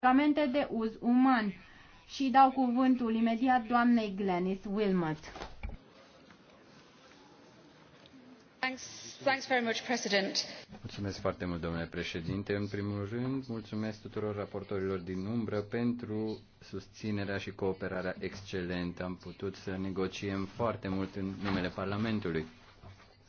medicamente de uz uman. Și dau cuvântul imediat doamnei Glenis Wilmot. Mulțumesc foarte mult, domnule președinte. În primul rând, mulțumesc tuturor raportorilor din umbră pentru susținerea și cooperarea excelentă. Am putut să negociem foarte mult în numele Parlamentului.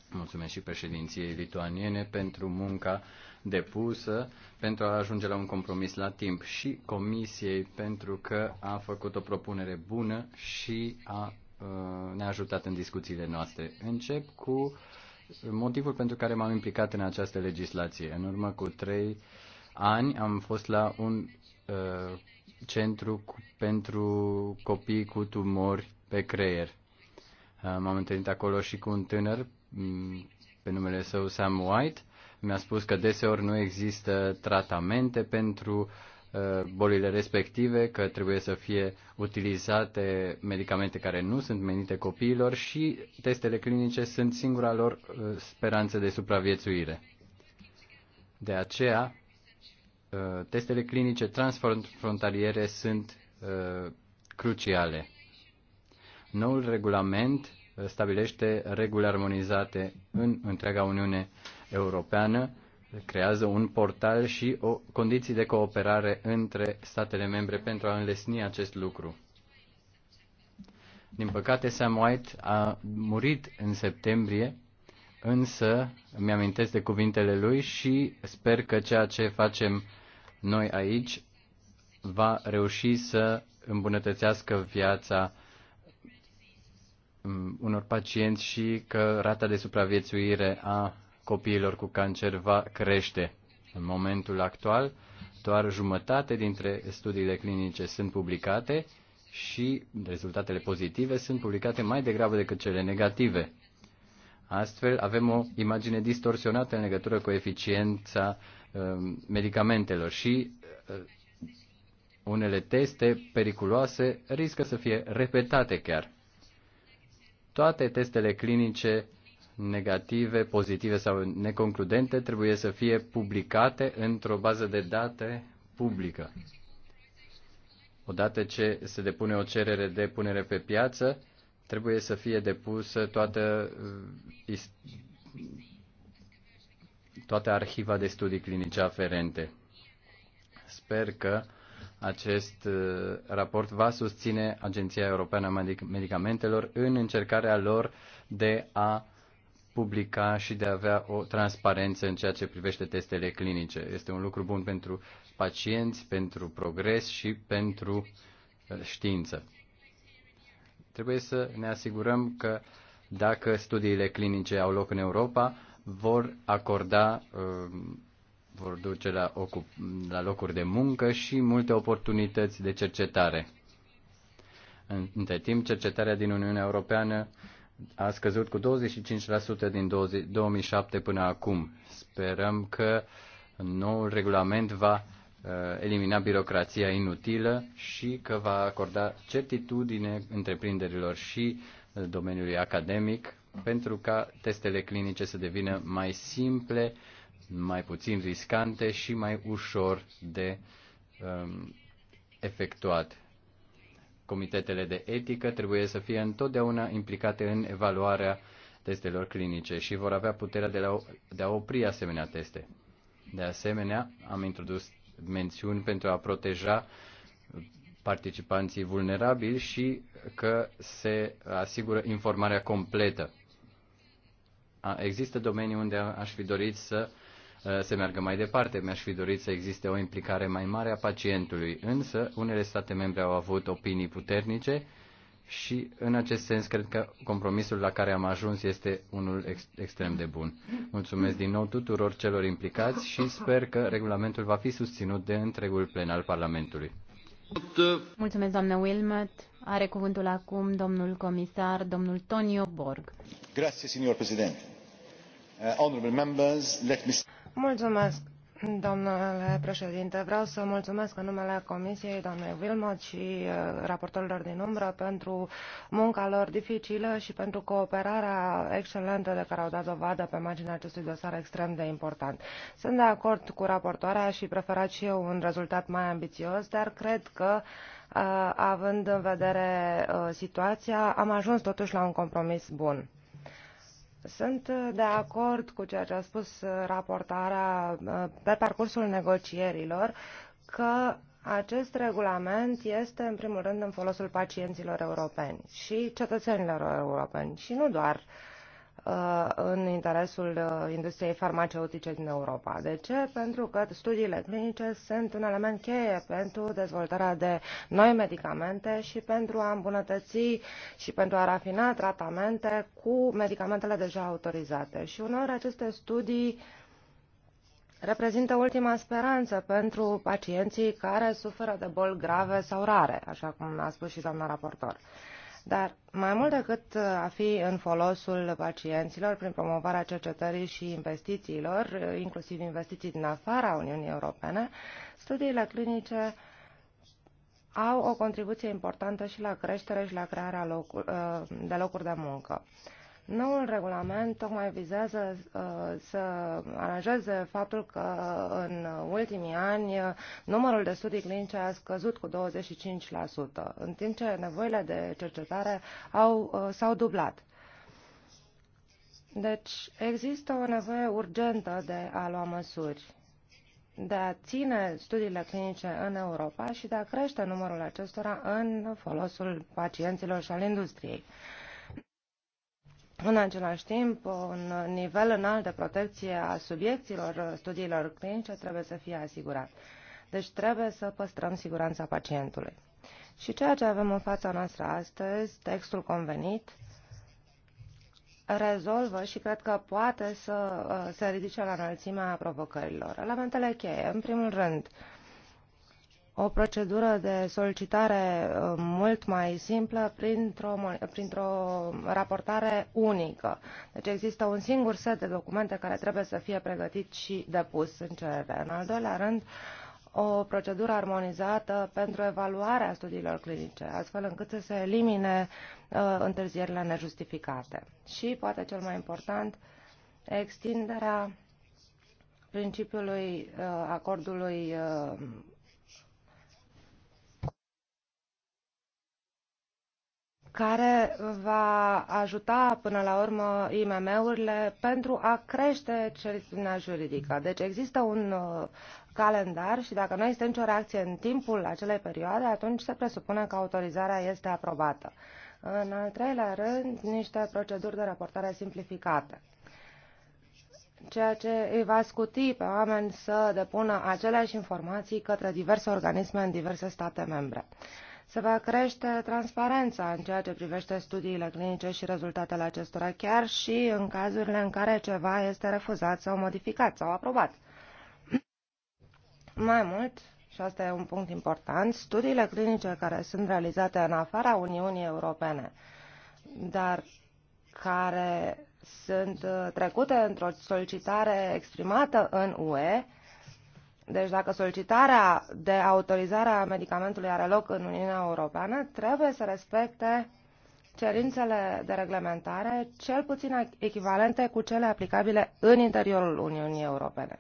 Mulțumesc și președinției lituaniene pentru munca uh, depusă pentru a ajunge la un compromis la timp și Comisiei pentru că a făcut o propunere bună și a, uh, ne-a ajutat în discuțiile noastre. Încep cu motivul pentru care m-am implicat în această legislație. În urmă cu trei ani am fost la un uh, centru cu, pentru copii cu tumori pe creier. Uh, m-am întâlnit acolo și cu un tânăr mm, pe numele său Sam White mi-a spus că deseori nu există tratamente pentru uh, bolile respective, că trebuie să fie utilizate medicamente care nu sunt menite copiilor și testele clinice sunt singura lor uh, speranță de supraviețuire. De aceea, uh, testele clinice transfrontaliere sunt cruciale. Noul regulament stabilește reguli armonizate în întreaga Uniune Europeană creează un portal și o condiții de cooperare între statele membre pentru a înlesni acest lucru. Din păcate, Sam White a murit în septembrie, însă mi-amintesc de cuvintele lui și sper că ceea ce facem noi aici va reuși să îmbunătățească viața mm, unor pacienți și că rata de supraviețuire a copiilor cu cancer va crește. În momentul actual, doar jumătate dintre studiile clinice sunt publicate și rezultatele pozitive sunt publicate mai degrabă decât cele negative. Astfel, avem o imagine distorsionată în legătură cu eficiența um, medicamentelor și uh, unele teste periculoase riscă să fie repetate chiar. Toate testele clinice negative, pozitive sau neconcludente trebuie să fie publicate într-o bază de date publică. Odată ce se depune o cerere de punere pe piață, trebuie să fie depusă toată, uh, toată arhiva de studii clinice aferente. Sper că acest uh, raport va susține Agenția Europeană a Medicamentelor în încercarea lor de a publica și de a avea o transparență în ceea ce privește testele clinice. Este un lucru bun pentru pacienți, pentru progres și pentru uh, știință. Trebuie să ne asigurăm că dacă studiile clinice au loc în Europa, vor acorda, uh, vor duce la, la locuri de muncă și multe oportunități de cercetare. Între timp, cercetarea din Uniunea Europeană a scăzut cu 25% din 20, 2007 până acum. Sperăm că noul regulament va uh, elimina birocrația inutilă și că va acorda certitudine întreprinderilor și uh, domeniului academic pentru ca testele clinice să devină mai simple, mai puțin riscante și mai ușor de um, efectuat comitetele de etică trebuie să fie întotdeauna implicate în evaluarea testelor clinice și vor avea puterea de, la, de a opri asemenea teste. De asemenea, am introdus mențiuni pentru a proteja participanții vulnerabili și că se asigură informarea completă. Există domenii unde aș fi dorit să Eh, se meargă mai departe. Mi-aș fi dorit să existe o implicare mai mare a pacientului, însă unele state membre au avut opinii puternice și în acest sens cred că compromisul la care am ajuns este unul ex- extrem de bun. Mulțumesc din nou tuturor celor implicați și sper că regulamentul va fi susținut de întregul plen al Parlamentului. Mulțumesc, doamnă Wilmot. Are cuvântul acum domnul comisar, domnul Tonio Borg. Grazie, signor președinte. Uh, honorable members, let me... Mulțumesc, domnule președinte. Vreau să mulțumesc în numele Comisiei, doamnei willmott și uh, raportorilor din umbră pentru munca lor dificilă și pentru cooperarea excelentă de care au dat dovadă pe marginea acestui dosar extrem de important. Sunt de acord cu raportoarea și preferat și eu un rezultat mai ambițios, dar cred că uh, având în vedere uh, situația, am ajuns totuși la un compromis bun. Sunt uh, de acord cu ceea ce a spus uh, raportarea uh, pe parcursul negocierilor că acest regulament este în primul rând în folosul pacienților europeni și cetățenilor europeni și nu doar uh, Uh, în interesul uh, industriei farmaceutice din Europa. De ce? Pentru că studiile clinice sunt un element cheie pentru dezvoltarea de noi medicamente și pentru a îmbunătăți și pentru a rafina tratamente cu medicamentele deja autorizate. Și uneori aceste studii reprezintă ultima speranță pentru pacienții care suferă de boli grave sau rare, așa cum a spus și doamna raportor. Uh, dar mai mult decât uh, a fi în folosul pacienților prin promovarea cercetării și investițiilor, uh, inclusiv investiții din afara Uniunii Europene, studiile clinice au o contribuție importantă și la creștere și la crearea locu- uh, de locuri de muncă. Noul regulament tocmai vizează uh, să aranjeze faptul că în ultimii ani numărul de studii clinice a scăzut cu 25%, în timp ce nevoile de cercetare au, uh, s-au dublat. Deci există o nevoie urgentă de a lua măsuri de a ține studiile clinice în Europa și de a crește numărul acestora în folosul pacienților și al industriei în același timp, un nivel înalt de protecție a subiecților studiilor clinice trebuie să fie asigurat. Deci trebuie să păstrăm siguranța pacientului. Și ceea ce avem în fața noastră astăzi, textul convenit, rezolvă și cred că poate să uh, se ridice la înălțimea provocărilor. Elementele cheie, în primul rând, uh, o procedură de solicitare uh, mult mai simplă printr-o, printr raportare unică. Deci există un singur set de documente care trebuie să fie pregătit și depus în cerere. În al doilea rând, o procedură armonizată pentru evaluarea studiilor clinice, astfel încât să se elimine uh, întârzierile nejustificate. Și, poate cel mai important, extinderea principiului uh, acordului uh, care va ajuta până la urmă IMM-urile pentru a crește certitudinea juridică. Deci există un uh, calendar și dacă nu este nicio reacție în timpul acelei perioade, atunci se presupune că autorizarea este aprobată. În al treilea rând, niște proceduri de raportare simplificate ceea ce îi va scuti pe oameni să depună aceleași informații către diverse organisme în diverse state membre. Se va crește transparența în ceea ce privește studiile clinice și rezultatele acestora, chiar și în cazurile în care ceva este refuzat sau modificat sau aprobat. Mai mult, și asta e un punct important, studiile clinice care sunt realizate în afara Uniunii Europene, dar care sunt uh, trecute într-o solicitare exprimată în UE, deci dacă solicitarea de autorizare a medicamentului are loc în Uniunea Europeană, trebuie să respecte cerințele de reglementare cel puțin echivalente cu cele aplicabile în interiorul Uniunii Europene.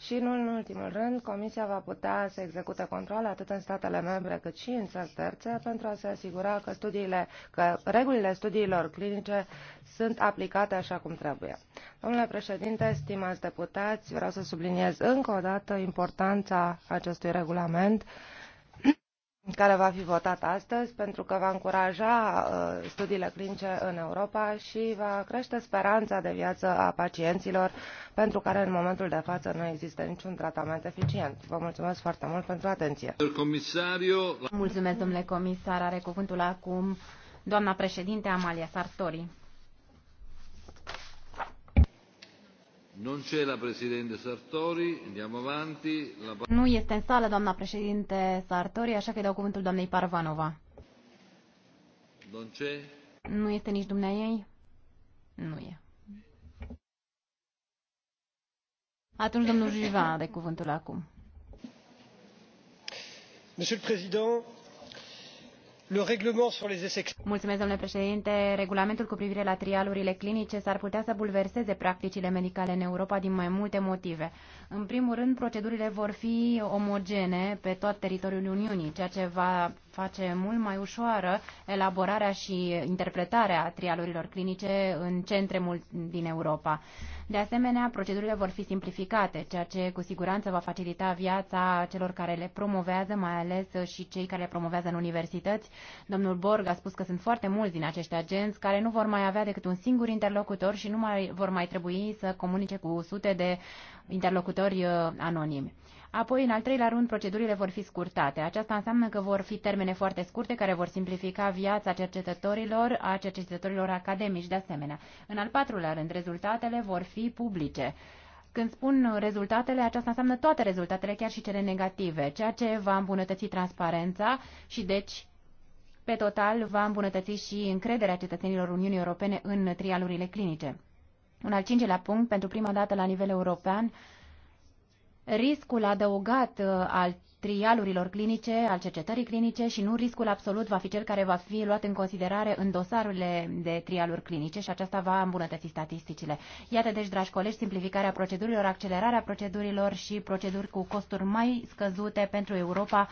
Și, nu în ultimul rând, Comisia va putea să execute controle atât în statele membre cât și în țări terțe pentru a se asigura că, studiile, că regulile studiilor clinice sunt aplicate așa cum trebuie. Domnule președinte, stimați deputați, vreau să subliniez încă o dată importanța acestui regulament care va fi votat astăzi pentru că va încuraja uh, studiile clinice în Europa și va crește speranța de viață a pacienților pentru care în momentul de față nu există niciun tratament eficient. Vă mulțumesc foarte mult pentru atenție. Mulțumesc, domnule comisar. Are cuvântul acum doamna președinte Amalia Sartori. Nu este în sală doamna președinte Sartori, așa că îi dau cuvântul doamnei Parvanova. Non Nu este nici ei? Nu e. Atunci domnul Juva de cuvântul acum. Monsieur le Président, Mulțumesc, domnule președinte. Regulamentul cu privire la trialurile clinice s-ar putea să bulverseze practicile medicale în Europa din mai multe motive. În primul rând, procedurile vor fi omogene pe tot teritoriul Uniunii, ceea ce va face mult mai ușoară elaborarea și interpretarea trialurilor clinice în centre mult din Europa. De asemenea, procedurile vor fi simplificate, ceea ce cu siguranță va facilita viața celor care le promovează, mai ales și cei care le promovează în universități. Domnul Borg a spus că sunt foarte mulți din acești agenți care nu vor mai avea decât un singur interlocutor și nu mai vor mai trebui să comunice cu sute de interlocutori uh, anonimi. Apoi, în al treilea rând, procedurile vor fi scurtate. Aceasta înseamnă că vor fi termene foarte scurte care vor simplifica viața cercetătorilor, a cercetătorilor academici de asemenea. În al patrulea rând, rezultatele vor fi publice. Când spun rezultatele, aceasta înseamnă toate rezultatele, chiar și cele negative, ceea ce va îmbunătăți transparența și deci pe total va îmbunătăți și încrederea cetățenilor Uniunii Europene în trialurile clinice. Un al cincilea punct, pentru prima dată la nivel european, riscul adăugat uh, al trialurilor clinice, al cercetării clinice și nu riscul absolut va fi cel care va fi luat în considerare în dosarurile de trialuri clinice și aceasta va îmbunătăți statisticile. Iată deci, dragi colegi, simplificarea procedurilor, accelerarea procedurilor și proceduri cu costuri mai scăzute pentru Europa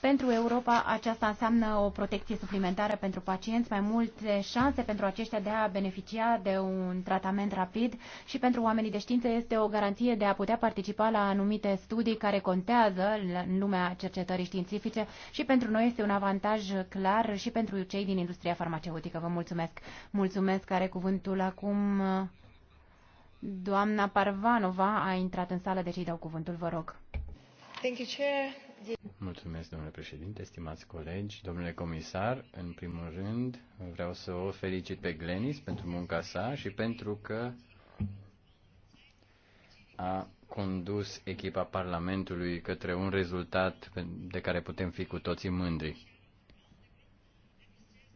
pentru Europa aceasta înseamnă o protecție suplimentară pentru pacienți, mai multe șanse pentru aceștia de a beneficia de un tratament rapid și pentru oamenii de știință este o garanție de a putea participa la anumite studii care contează în lumea cercetării științifice și pentru noi este un avantaj clar și pentru cei din industria farmaceutică. Vă mulțumesc! Mulțumesc! Are cuvântul acum doamna Parvanova a intrat în sală, deci îi dau cuvântul, vă rog. Thank you, Chair. Mulțumesc, domnule președinte, stimați colegi, domnule comisar. În primul rând, vreau să o felicit pe Glenis pentru munca sa și pentru că a condus echipa Parlamentului către un rezultat de care putem fi cu toții mândri.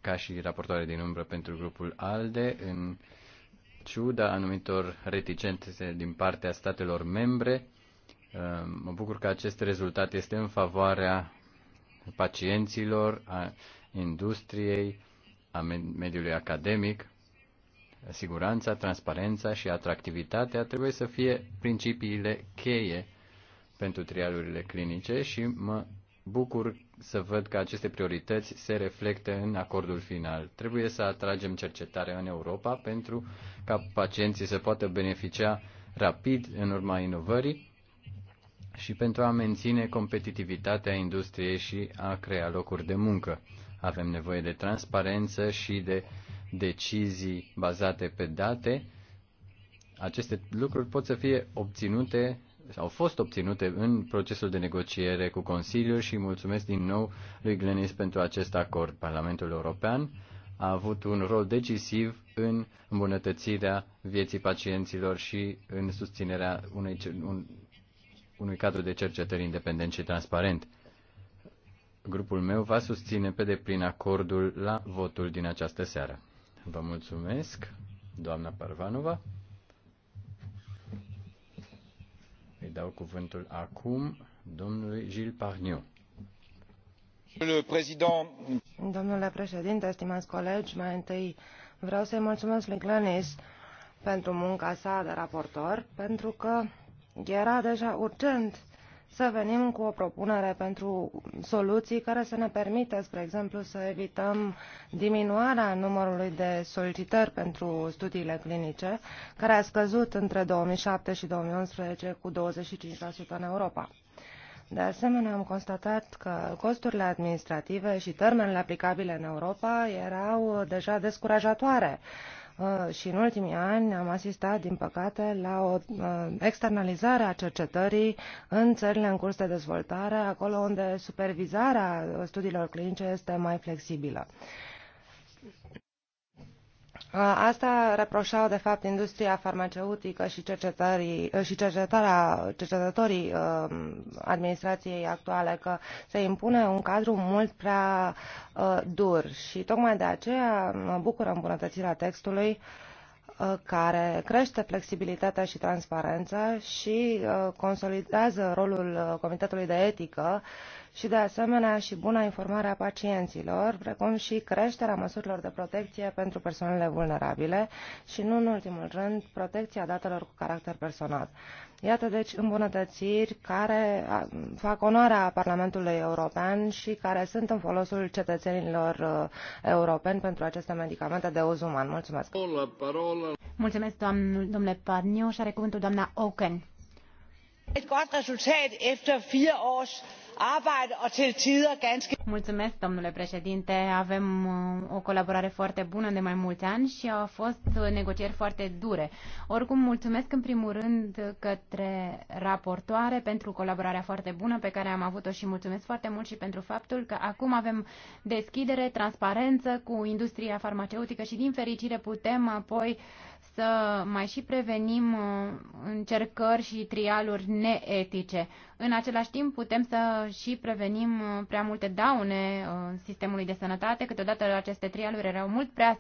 Ca și raportoare din umbră pentru grupul ALDE, în ciuda anumitor reticențe din partea statelor membre, Ehm, mă bucur că acest rezultat este în favoarea pacienților, a industriei, a mediului academic. Siguranța, transparența și atractivitatea trebuie să fie principiile cheie pentru trialurile clinice și mă bucur să văd că aceste priorități se reflectă în acordul final. Trebuie să atragem cercetarea în Europa pentru ca pacienții să poată beneficia rapid în urma inovării și pentru a menține competitivitatea industriei și a crea locuri de muncă. Avem nevoie de transparență și de decizii bazate pe date. Aceste lucruri pot să fie obținute au fost obținute în procesul de negociere cu Consiliul și mulțumesc din nou lui Glenis pentru acest acord. Parlamentul European a avut un rol decisiv în îmbunătățirea vieții pacienților și în susținerea unei, un, unui cadru de cercetări independent și transparent. Grupul meu va susține pe deplin acordul la votul din această seară. Vă mulțumesc, doamna Parvanova. Îi dau cuvântul acum domnului Gilles Parniu. Domnule președinte, stimați colegi, mai întâi vreau să-i mulțumesc lui Glenis pentru munca sa de raportor, pentru că era deja urgent să venim cu o propunere pentru soluții care să ne permită, spre exemplu, să evităm diminuarea numărului de solicitări pentru studiile clinice, care a scăzut între 2007 și 2011 cu 25% în Europa. De asemenea, am constatat că costurile administrative și termenele aplicabile în Europa erau deja descurajatoare Uh, și în ultimii ani am asistat, din păcate, la o uh, externalizare a cercetării în țările în curs de dezvoltare, acolo unde supervizarea studiilor clinice este mai flexibilă. Uh, asta reproșau, de fapt, industria farmaceutică și, uh, și cercetarea, cercetătorii um, administrației actuale, că se impune un cadru mult prea uh, dur. Și tocmai de aceea mă bucură îmbunătățirea textului uh, Uh, care crește flexibilitatea și transparența și uh, consolidează rolul uh, Comitetului de Etică și, de asemenea, și buna informare a pacienților, precum și creșterea măsurilor de protecție pentru persoanele vulnerabile și, nu în ultimul rând, protecția datelor cu caracter personal. Iată deci îmbunătățiri care fac onoarea Parlamentului European și care sunt în folosul cetățenilor uh, europeni pentru aceste medicamente de uz uman. Mulțumesc! Mulțumesc, doamnul, domnule Parniu, și are cuvântul doamna Oken. Et godt resultat efter fire års Mulțumesc, domnule președinte. Avem uh, o colaborare foarte bună de mai mulți ani și au fost uh, negocieri foarte dure. Oricum, mulțumesc în primul rând către raportoare pentru colaborarea foarte bună pe care am avut-o și mulțumesc foarte mult și pentru faptul că acum avem deschidere, transparență cu industria farmaceutică și din fericire putem apoi uh, să mai și prevenim uh, încercări și trialuri neetice. În același timp putem să și prevenim uh, prea multe daune uh, sistemului de sănătate. Câteodată aceste trialuri erau mult prea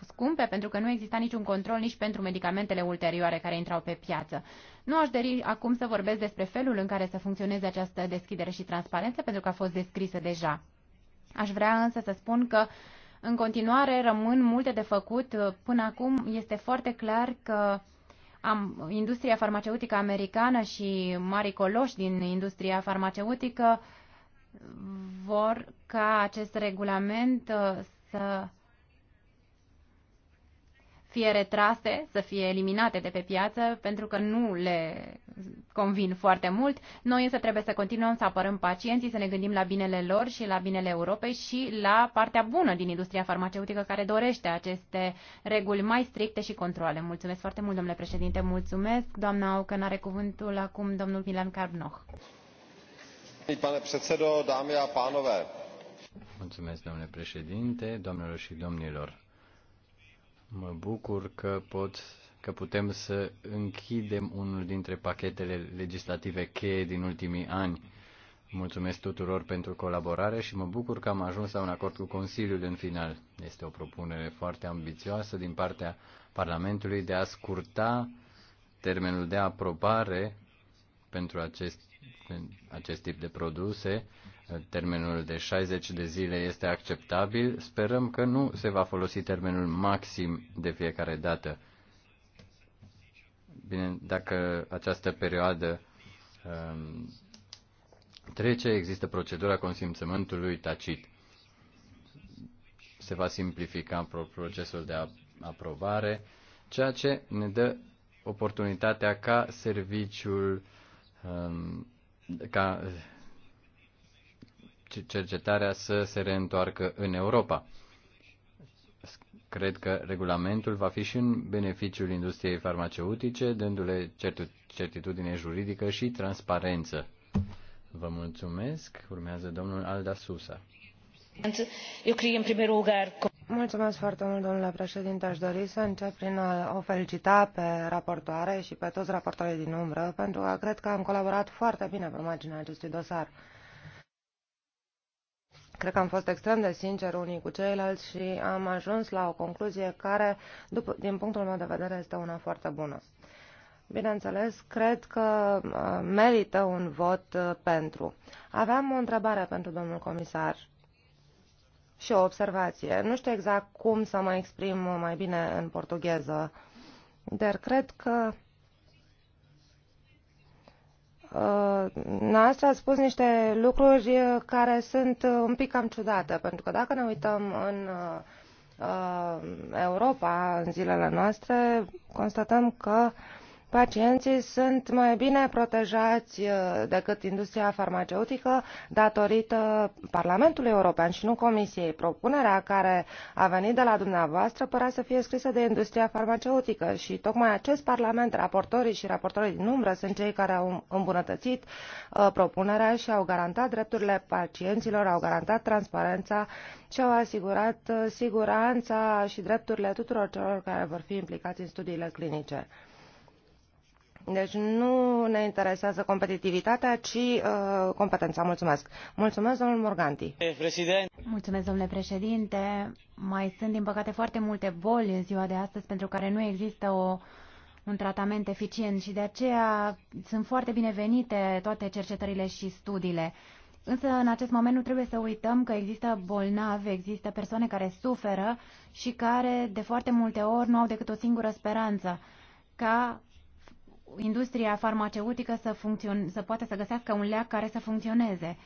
scumpe pentru că nu exista niciun control nici pentru medicamentele ulterioare care intrau pe piață. Nu aș dori acum să vorbesc despre felul în care să funcționeze această deschidere și transparență pentru că a fost descrisă deja. Aș vrea însă să spun că uh, în continuare, rămân multe de făcut. Până acum este foarte clar că am, industria farmaceutică americană și mari coloși din industria farmaceutică vor ca acest regulament uh, să fie retrase, să fie eliminate de pe piață, pentru că nu le convin foarte mult. Noi însă trebuie să continuăm să apărăm pacienții, să ne gândim la binele lor și la binele Europei și la partea bună din industria farmaceutică care dorește aceste reguli mai stricte și controle. Mulțumesc foarte mult, domnule președinte, mulțumesc. Doamna Aucăn are cuvântul acum domnul Milan Carbnoch. Pane președinte, doamne a pánové. Mulțumesc, domnule președinte, doamnelor și domnilor Mă bucur că, pot, că putem să închidem unul dintre pachetele legislative cheie din ultimii ani. Mulțumesc tuturor pentru colaborare și mă bucur că am ajuns la un acord cu Consiliul în final. Este o propunere foarte ambițioasă din partea Parlamentului de a scurta termenul de aprobare pentru acest, acest tip de produse Termenul de 60 de zile este acceptabil. Sperăm că nu se va folosi termenul maxim de fiecare dată. Bine, dacă această perioadă um, trece, există procedura consimțământului tacit. Se va simplifica procesul de aprobare, ceea ce ne dă oportunitatea ca serviciul, um, ca cercetarea să se reîntoarcă în Europa. Cred că regulamentul va fi și în beneficiul industriei farmaceutice, dându-le certitudine juridică și transparență. Vă mulțumesc. Urmează domnul Alda Susa. Mulțumesc foarte mult, domnule președinte. Aș dori să încep prin a o felicita pe raportoare și pe toți raportorii din umbră, pentru că cred că am colaborat foarte bine pe marginea acestui dosar. Cred că am fost extrem de sinceri unii cu ceilalți și am ajuns la o concluzie care, după, din punctul meu de vedere, este una foarte bună. Bineînțeles, cred că uh, merită un vot uh, pentru. Aveam o întrebare pentru domnul comisar și o observație. Nu știu exact cum să mă exprim mai bine în portugheză, dar cred că Noastră a spus niște lucruri uh, care sunt uh, un pic cam ciudate, pentru că dacă ne uităm în uh, Europa, în zilele noastre, constatăm că uh, Pacienții sunt mai bine protejați uh, decât industria farmaceutică datorită Parlamentului European și nu Comisiei. Propunerea care a venit de la dumneavoastră părea să fie scrisă de industria farmaceutică și tocmai acest Parlament, raportorii și raportorii din umbră sunt cei care au îmbunătățit uh, propunerea și au garantat drepturile pacienților, au garantat transparența și au asigurat uh, siguranța și drepturile tuturor celor care vor fi implicați în studiile clinice. Deci nu ne interesează competitivitatea, ci uh, competența. Mulțumesc. Mulțumesc, domnul Morganti. Președinte. Mulțumesc, domnule președinte. Mai sunt, din păcate, foarte multe boli în ziua de astăzi pentru care nu există o, un tratament eficient și de aceea sunt foarte binevenite toate cercetările și studiile. Însă, în acest moment, nu trebuie să uităm că există bolnavi, există persoane care suferă și care, de foarte multe ori, nu au decât o singură speranță, ca industria farmaceutică să, să poată să găsească un leac care să funcționeze.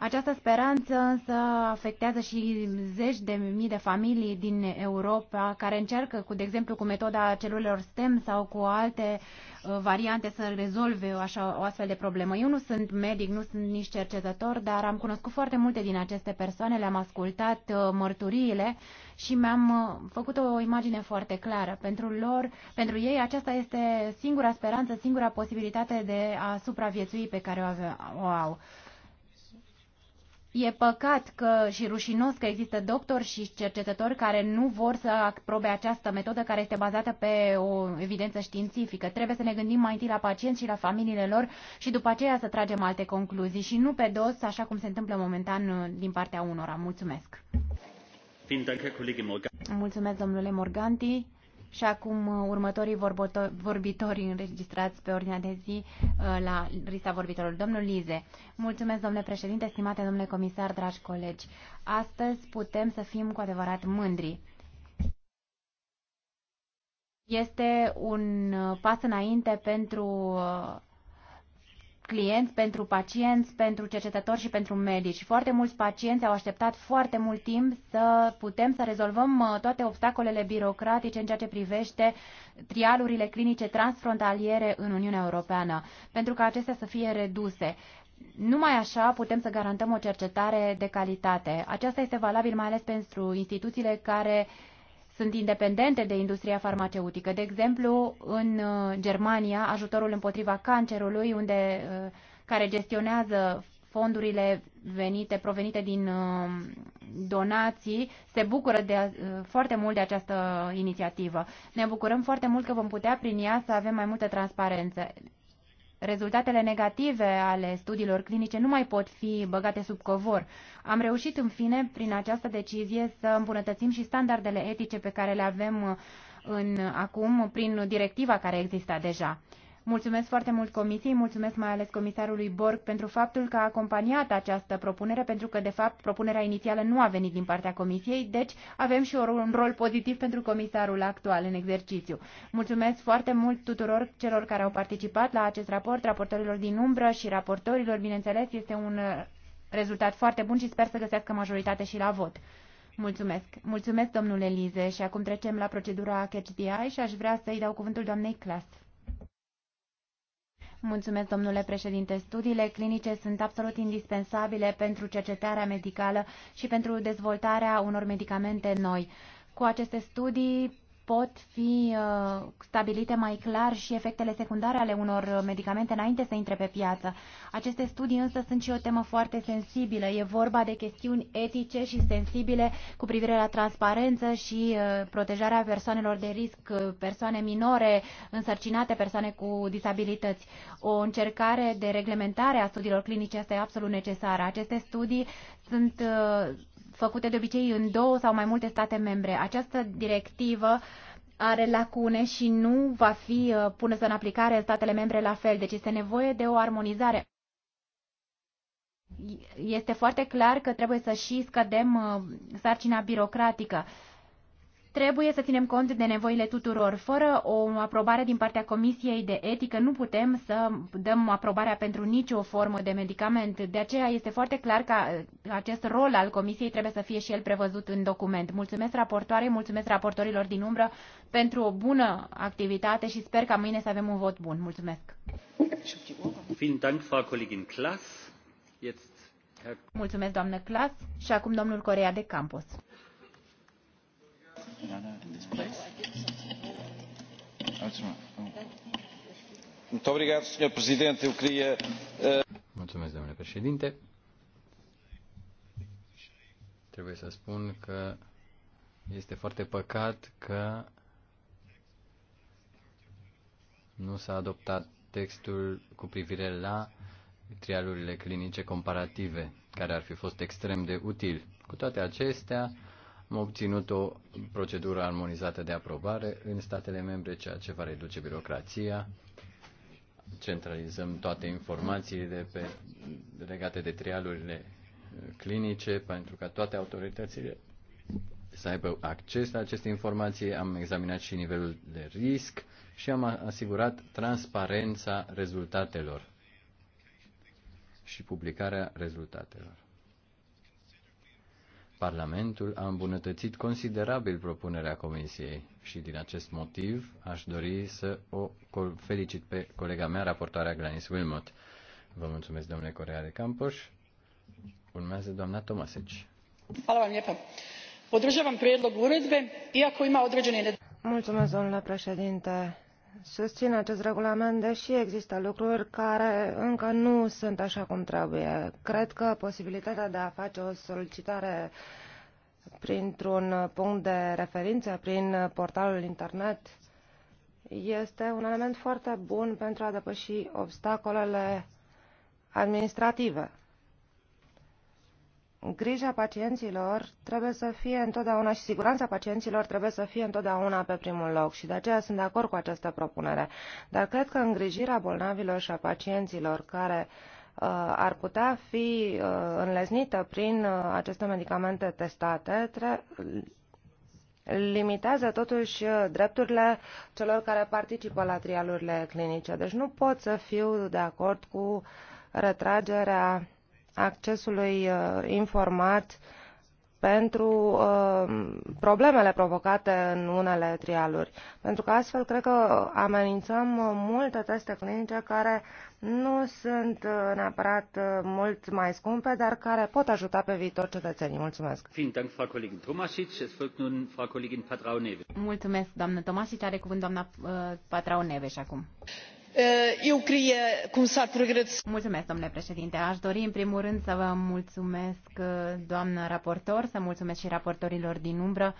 Această speranță însă afectează și zeci de mii de familii din Europa care încearcă, cu, de exemplu, cu metoda celulelor STEM sau cu alte uh, variante să rezolve așa, o astfel de problemă. Eu nu sunt medic, nu sunt nici cercetător, dar am cunoscut foarte multe din aceste persoane, le-am ascultat uh, mărturiile și mi-am uh, făcut o imagine foarte clară. Pentru lor, pentru ei, aceasta este singura speranță, singura posibilitate de a supraviețui pe care o, o au. E păcat că și rușinos că există doctori și cercetători care nu vor să aprobe această metodă care este bazată pe o evidență științifică. Trebuie să ne gândim mai întâi la pacienți și la familiile lor și după aceea să tragem alte concluzii și nu pe dos, așa cum se întâmplă momentan uh, din partea unora. Mulțumesc! Mulțumesc, domnule Morganti. Și acum uh, următorii vorbitori înregistrați pe ordinea de zi uh, la lista vorbitorilor. Domnul Lize, mulțumesc domnule președinte, stimate domnule comisar, dragi colegi. Astăzi putem să fim cu adevărat mândri. Este un uh, pas înainte pentru clienți, pentru pacienți, pentru cercetători și pentru medici. Foarte mulți pacienți au așteptat foarte mult timp să putem să rezolvăm uh, toate obstacolele birocratice în ceea ce privește trialurile clinice transfrontaliere în Uniunea Europeană, pentru ca acestea să fie reduse. Numai așa putem să garantăm o cercetare de calitate. Aceasta este valabil mai ales pentru instituțiile care uh, sunt independente de industria farmaceutică. De exemplu, în uh, Germania, ajutorul împotriva cancerului, unde, uh, care gestionează fondurile venite, provenite din uh, donații, se bucură de, foarte mult de această inițiativă. Ne bucurăm foarte mult că vom putea prin ea să avem mai multă transparență. Rezultatele negative ale studiilor clinice nu mai pot fi băgate sub covor. Am reușit, în fine, prin această decizie să îmbunătățim și standardele etice pe care le avem uh, în, acum prin directiva care exista deja. Mulțumesc foarte mult comisiei, mulțumesc mai ales comisarului Borg pentru faptul că a acompaniat această propunere, pentru că, de fapt, propunerea inițială nu a venit din partea comisiei, deci avem și un rol pozitiv pentru comisarul actual în exercițiu. Mulțumesc foarte mult tuturor celor care au participat la acest raport, raportorilor din umbră și raportorilor, bineînțeles, este un uh, rezultat foarte bun și sper să găsească majoritate și la vot. Mulțumesc. Mulțumesc, domnule Lize, și acum trecem la procedura Catch the Eye și aș vrea să-i dau cuvântul doamnei Clas. Mulțumesc, domnule președinte. Studiile clinice sunt absolut indispensabile pentru cercetarea medicală și pentru dezvoltarea unor medicamente noi. Cu aceste studii pot fi uh, stabilite mai clar și efectele secundare ale unor medicamente înainte să intre pe piață. Aceste studii însă sunt și o temă foarte sensibilă. E vorba de chestiuni etice și sensibile cu privire la transparență și uh, protejarea persoanelor de risc, uh, persoane minore, însărcinate, persoane cu disabilități. O încercare de reglementare a studiilor clinice este absolut necesară. Aceste studii sunt făcute de obicei în două sau mai multe state membre. Această directivă are lacune și nu va fi uh, pusă în aplicare în statele membre la fel, deci este nevoie de o armonizare. Este foarte clar că trebuie să și scădem uh, sarcina birocratică Trebuie să ținem cont de nevoile tuturor. Fără o aprobare din partea Comisiei de Etică nu putem să dăm aprobarea pentru nicio formă de medicament. De aceea este foarte clar că acest rol al Comisiei trebuie să fie și el prevăzut în document. Mulțumesc raportoare, mulțumesc raportorilor din umbră pentru o bună activitate și sper ca mâine să avem un vot bun. Mulțumesc! Mulțumesc, doamnă Clas. Și acum domnul Corea de Campos. Eh, Mulțumesc, domnule președinte. Trebuie să spun că este foarte păcat că nu s-a adoptat textul cu privire la trialurile clinice comparative, care ar fi fost extrem de util. Cu toate acestea, am obținut o procedură armonizată de aprobare în statele membre, ceea ce va reduce birocrația. Centralizăm toate informațiile pe, legate de trialurile clinice pentru ca toate autoritățile să aibă acces la aceste informații. Am examinat și nivelul de risc și am asigurat transparența rezultatelor și publicarea rezultatelor. Parlamentul a îmbunătățit considerabil propunerea Comisiei și din acest motiv aș dori să o felicit pe colega mea, raportoarea Glenis Wilmot. Vă mulțumesc, domnule Corea de Campos. Urmează doamna Tomaseci. Hvala vam lijepa. Podržavam prijedlog uredbe, iako ima određene... Mulțumesc, domnule președinte susțin acest regulament, deși există lucruri care încă nu sunt așa cum trebuie. Cred că posibilitatea de a face o solicitare printr-un punct de referință, prin portalul internet, este un element foarte bun pentru a depăși obstacolele administrative grija pacienților trebuie să fie întotdeauna și siguranța pacienților trebuie să fie întotdeauna pe primul loc și de aceea sunt de acord cu această propunere. Dar cred că îngrijirea bolnavilor și a pacienților care uh, ar putea fi uh, înlesnită prin uh, aceste medicamente testate limitează totuși uh, drepturile celor care participă la trialurile clinice. Deci nu pot să fiu de acord cu retragerea accesului uh, informat pentru uh, problemele provocate în unele trialuri. Pentru că astfel cred că amenințăm multe teste clinice care nu sunt uh, neapărat mult mai scumpe, dar care pot ajuta pe viitor cetățenii. Mulțumesc! Mulțumesc, doamnă Tomasici. Are cuvânt doamna Patrau Neveș acum. Eh, eu domnule președinte. Aș dori, în primul rând, să vă mulțumesc, eh, doamnă raportor, să mulțumesc și raportorilor din umbră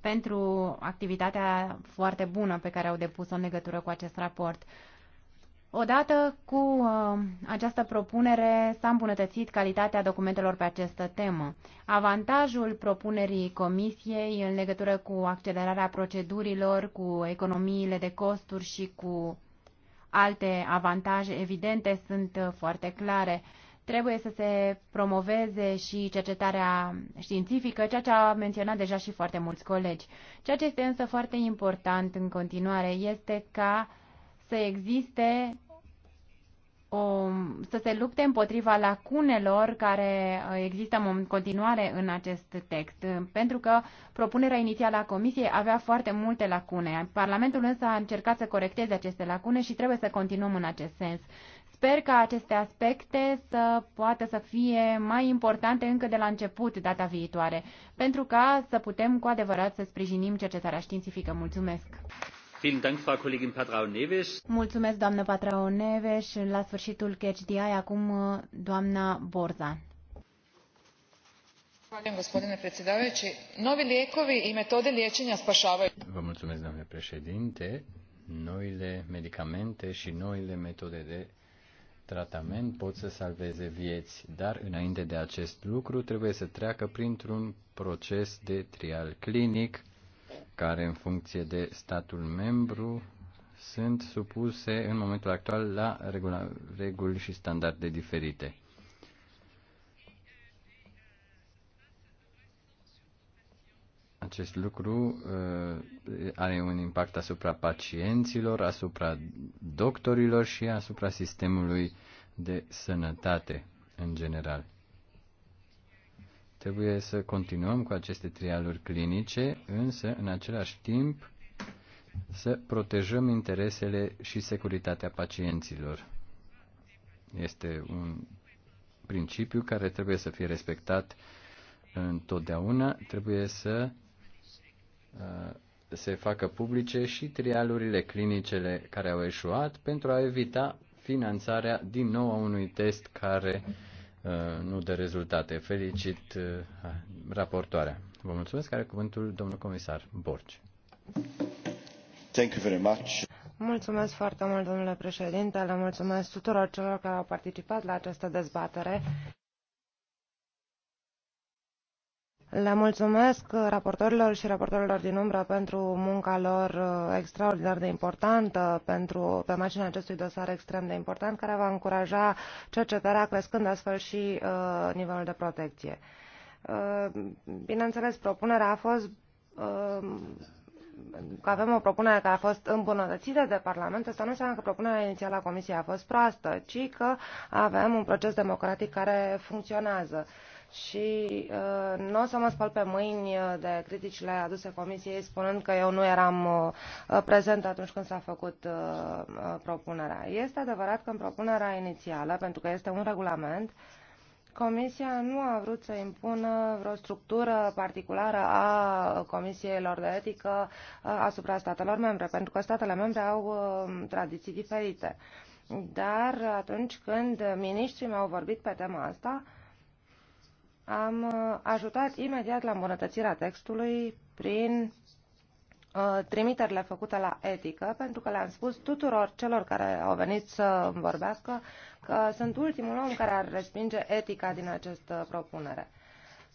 pentru activitatea foarte bună pe care au depus-o în legătură cu acest raport. Odată cu eh, această propunere s-a îmbunătățit calitatea documentelor pe această temă. Avantajul propunerii Comisiei în legătură cu accelerarea procedurilor, cu economiile de costuri și cu Alte avantaje evidente sunt uh, foarte clare. Trebuie să se promoveze și cercetarea științifică, ceea ce a menționat deja și foarte mulți colegi. Ceea ce este însă foarte important în continuare este ca să existe o, să se lupte împotriva lacunelor care uh, există în continuare în acest text, pentru că propunerea inițială a Comisiei avea foarte multe lacune. Parlamentul însă a încercat să corecteze aceste lacune și trebuie să continuăm în acest sens. Sper că aceste aspecte să poată să fie mai importante încă de la început data viitoare, pentru ca să putem cu adevărat să sprijinim cercetarea științifică. Mulțumesc! Mulțumesc, doamnă Patrao Neves. La sfârșitul Catch Eye, acum uh, doamna Borza. Vă mulțumesc, doamne președinte. Noile medicamente și noile metode de tratament pot să salveze vieți, dar înainte de acest lucru trebuie să treacă printr-un proces de trial clinic care în funcție de statul membru sunt supuse în momentul actual la reguli și standarde diferite. Acest lucru uh, are un impact asupra pacienților, asupra doctorilor și asupra sistemului de sănătate în general. Trebuie să continuăm cu aceste trialuri clinice, însă, în același timp, să protejăm interesele și securitatea pacienților. Este un principiu care trebuie să fie respectat întotdeauna. Trebuie să uh, se facă publice și trialurile clinicele care au eșuat pentru a evita finanțarea din nou a unui test care Uh, nu de rezultate. Felicit uh, raportoarea. Vă mulțumesc. Are cuvântul domnul comisar Borci. Thank you very much. Mulțumesc foarte mult, domnule președinte. Le mulțumesc tuturor celor care au participat la această dezbatere. Le mulțumesc raportorilor și raportorilor din umbră pentru munca lor uh, extraordinar de importantă pentru, pe marginea acestui dosar extrem de important, care va încuraja cercetarea, crescând astfel și uh, nivelul de protecție. Uh, bineînțeles, propunerea a fost uh, că avem o propunere care a fost îmbunătățită de Parlament, asta nu înseamnă că propunerea inițială a Comisiei a fost proastă, ci că avem un proces democratic care funcționează. Uh, și uh, nu o să mă spăl pe mâini uh, de criticile aduse Comisiei spunând că eu nu eram uh, uh prezent atunci când s-a făcut uh, uh, propunerea. Este adevărat că în propunerea inițială, pentru că este un regulament, Comisia nu a vrut să impună vreo structură particulară a comisiilor de etică asupra statelor membre, pentru că statele membre au tradiții diferite. Dar atunci când miniștrii mi-au vorbit pe tema asta, uh, am uh, ajutat imediat la îmbunătățirea textului prin uh, trimiterile făcute la etică, pentru că le-am spus tuturor celor care au venit să vorbească că sunt ultimul om care ar respinge etica din această propunere.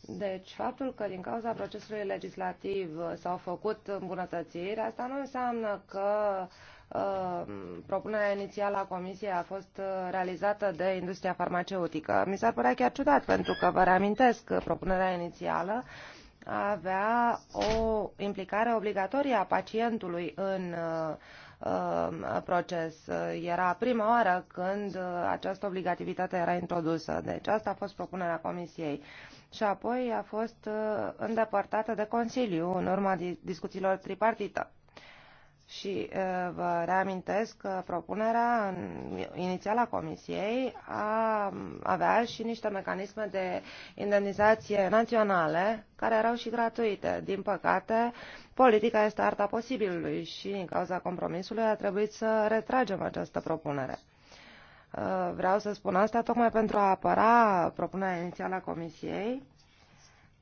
Deci, faptul că din cauza procesului legislativ s-au făcut îmbunătățiri, asta nu înseamnă că uh, Uh, propunerea inițială a Comisiei a fost uh, realizată de industria farmaceutică. Mi s-ar părea chiar ciudat, pentru că vă reamintesc că propunerea inițială avea o implicare obligatorie a pacientului în uh, proces. Era prima oară când această obligativitate era introdusă. Deci asta a fost propunerea Comisiei. Și apoi a fost îndepărtată de Consiliu în urma discuțiilor tripartită și uh, vă reamintesc că propunerea inițială a Comisiei a avea și niște mecanisme de indemnizație naționale care erau și gratuite. Din păcate, politica este arta posibilului și din cauza compromisului a trebuit să retragem această propunere. Uh, vreau să spun asta tocmai pentru a apăra propunerea inițială a Comisiei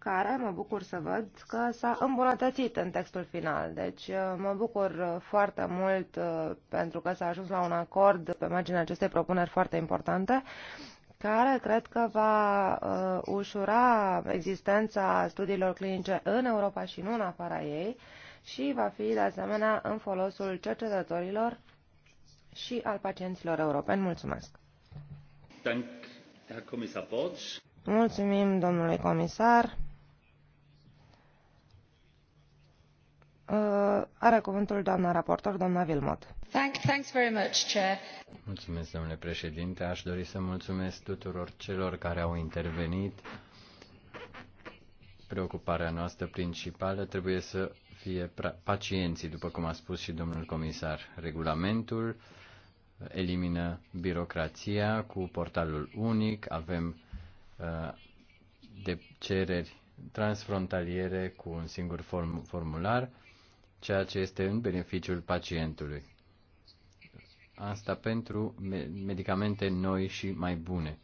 care mă bucur să văd că s-a îmbunătățit în textul final. Deci uh, mă bucur uh, foarte mult uh, pentru că s-a ajuns la un acord pe marginea acestei propuneri foarte importante care cred că va uh, ușura existența studiilor clinice în Europa și nu în afara ei și va fi de asemenea în folosul cercetătorilor și al pacienților europeni. Mulțumesc! Mulțumim, domnului comisar. Uh, are cuvântul doamna raportor, doamna Mulțumesc, domnule președinte. Aș dori să mulțumesc tuturor celor care au intervenit. Preocuparea noastră principală trebuie să fie pacienții, după cum a spus și domnul comisar. Regulamentul elimină birocrația cu portalul unic, avem uh, de cereri transfrontaliere cu un singur form- formular ceea ce este în beneficiul pacientului. Asta pentru medicamente noi și mai bune.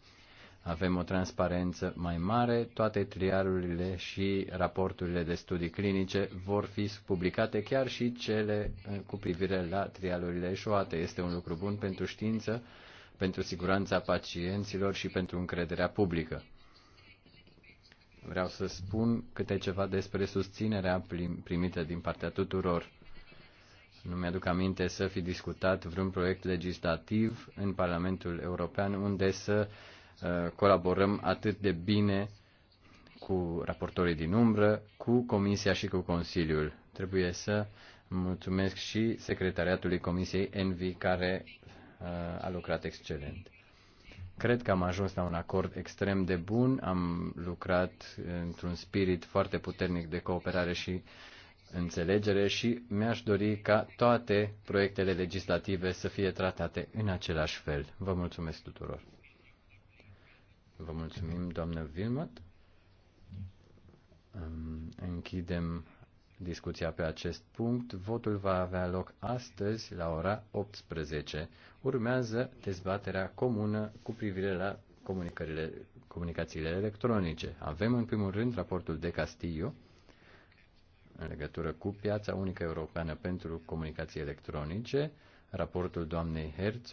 Avem o transparență mai mare, toate triarurile și raporturile de studii clinice vor fi publicate, chiar și cele eh, cu privire la triarurile eșuate. Este un lucru bun pentru știință, pentru siguranța pacienților și pentru încrederea publică vreau să spun câte ceva despre susținerea primită din partea tuturor. Nu mi-aduc aminte să fi discutat vreun proiect legislativ în Parlamentul European unde să uh, colaborăm atât de bine cu raportorii din umbră, cu Comisia și cu Consiliul. Trebuie să mulțumesc și secretariatului Comisiei Envi care uh, a lucrat excelent. Cred că am ajuns la un acord extrem de bun, am lucrat într-un spirit foarte puternic de cooperare și înțelegere și mi-aș dori ca toate proiectele legislative să fie tratate în același fel. Vă mulțumesc tuturor. Vă mulțumim, doamnă Vilmot. Închidem Discuția pe acest punct, votul va avea loc astăzi la ora 18. Urmează dezbaterea comună cu privire la comunicările, comunicațiile electronice. Avem în primul rând raportul de Castillo în legătură cu piața unică europeană pentru comunicații electronice, raportul doamnei Herzog